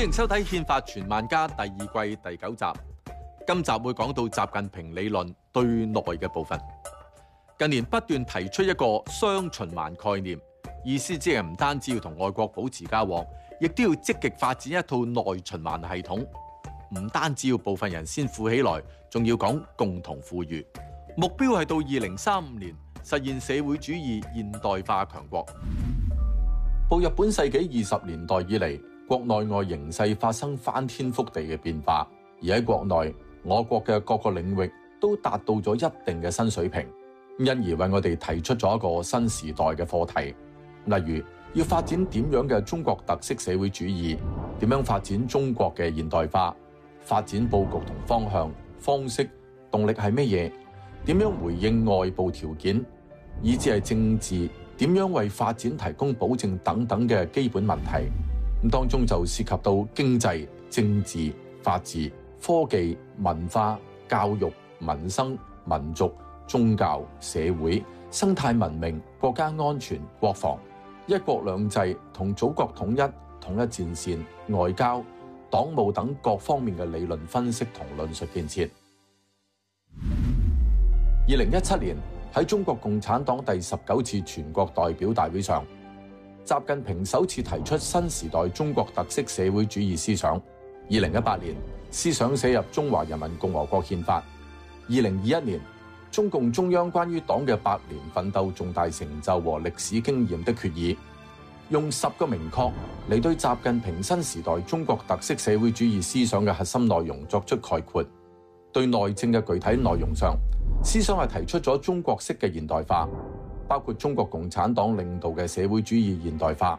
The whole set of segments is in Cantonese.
歡迎收睇《憲法傳萬家》第二季第九集。今集會講到習近平理論對內嘅部分。近年不斷提出一個雙循環概念，意思即係唔單止要同外國保持交往，亦都要積極發展一套內循環系統。唔單止要部分人先富起來，仲要講共同富裕。目標係到二零三五年實現社會主義現代化的強國。步入本世紀二十年代以嚟。國內外形勢發生翻天覆地嘅變化，而喺國內，我國嘅各個領域都達到咗一定嘅新水平，因而為我哋提出咗一個新時代嘅課題。例如，要發展點樣嘅中國特色社會主義，點樣發展中國嘅現代化，發展布局同方向、方式、動力係乜嘢？點樣回應外部條件，以至係政治，點樣為發展提供保證等等嘅基本問題。咁當中就涉及到經濟、政治、法治、科技、文化、教育、民生、民族、宗教、社會、生態文明、國家安全、國防、一國兩制同祖國統一、統一戰線、外交、黨務等各方面嘅理論分析同論述建設。二零一七年喺中國共產黨第十九次全國代表大會上，習近平首次提出新時代中國特色社會主義思想。二零一八年，思想寫入中華人民共和國憲法。二零二一年，中共中央關於黨嘅百年奮鬥重大成就和歷史經驗的決議，用十個明確嚟對習近平新時代中國特色社會主義思想嘅核心內容作出概括。對內政嘅具體內容上，思想係提出咗中國式嘅現代化。包括中國共產黨領導嘅社會主義現代化，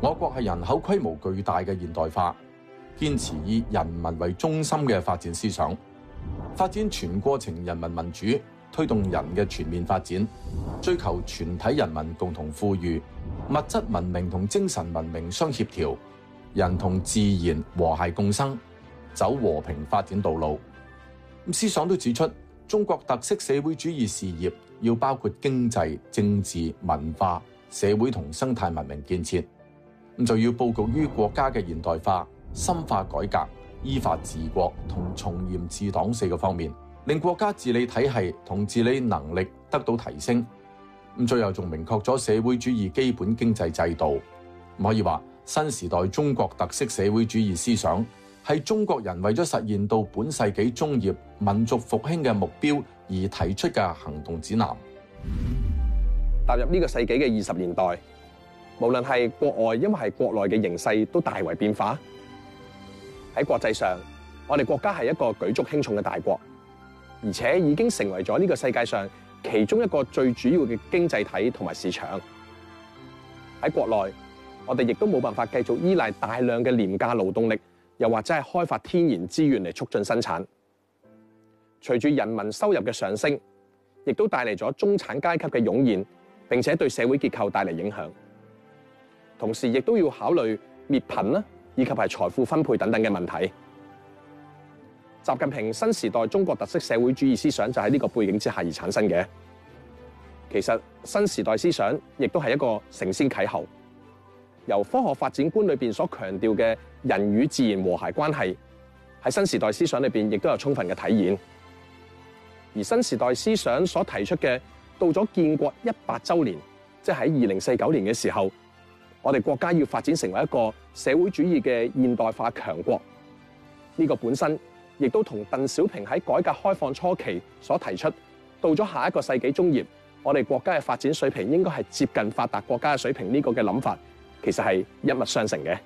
我國係人口規模巨大嘅現代化，堅持以人民為中心嘅發展思想，發展全過程人民民主，推動人嘅全面發展，追求全體人民共同富裕，物質文明同精神文明相協調，人同自然和諧共生，走和平發展道路。咁思想都指出。中國特色社會主義事業要包括經濟、政治、文化、社會同生態文明建設，咁就要布局於國家嘅現代化、深化改革、依法治國同從嚴治黨四個方面，令國家治理體系同治理能力得到提升。咁最後仲明確咗社會主義基本經濟制度，可以話新時代中國特色社會主義思想。係中國人為咗實現到本世紀中葉民族復興嘅目標而提出嘅行動指南。踏入呢個世紀嘅二十年代，無論係國外，因為係國內嘅形勢都大為變化。喺國際上，我哋國家係一個舉足輕重嘅大國，而且已經成為咗呢個世界上其中一個最主要嘅經濟體同埋市場。喺國內，我哋亦都冇辦法繼續依賴大量嘅廉價勞動力。又或者係開發天然資源嚟促進生產，隨住人民收入嘅上升，亦都帶嚟咗中產階級嘅湧現，並且對社會結構帶嚟影響。同時，亦都要考慮滅貧啦，以及係財富分配等等嘅問題。習近平新時代中國特色社會主義思想就喺呢個背景之下而產生嘅。其實新時代思想亦都係一個承先啟後。由科學發展觀裏面所強調嘅人與自然和諧關係，喺新時代思想裏面亦都有充分嘅體現。而新時代思想所提出嘅，到咗建國一百週年，即係喺二零四九年嘅時候，我哋國家要發展成為一個社會主義嘅現代化強國，呢個本身亦都同鄧小平喺改革開放初期所提出，到咗下一個世紀中葉，我哋國家嘅發展水平應該係接近發達國家嘅水平呢個嘅諗法，其實是一脈相承的。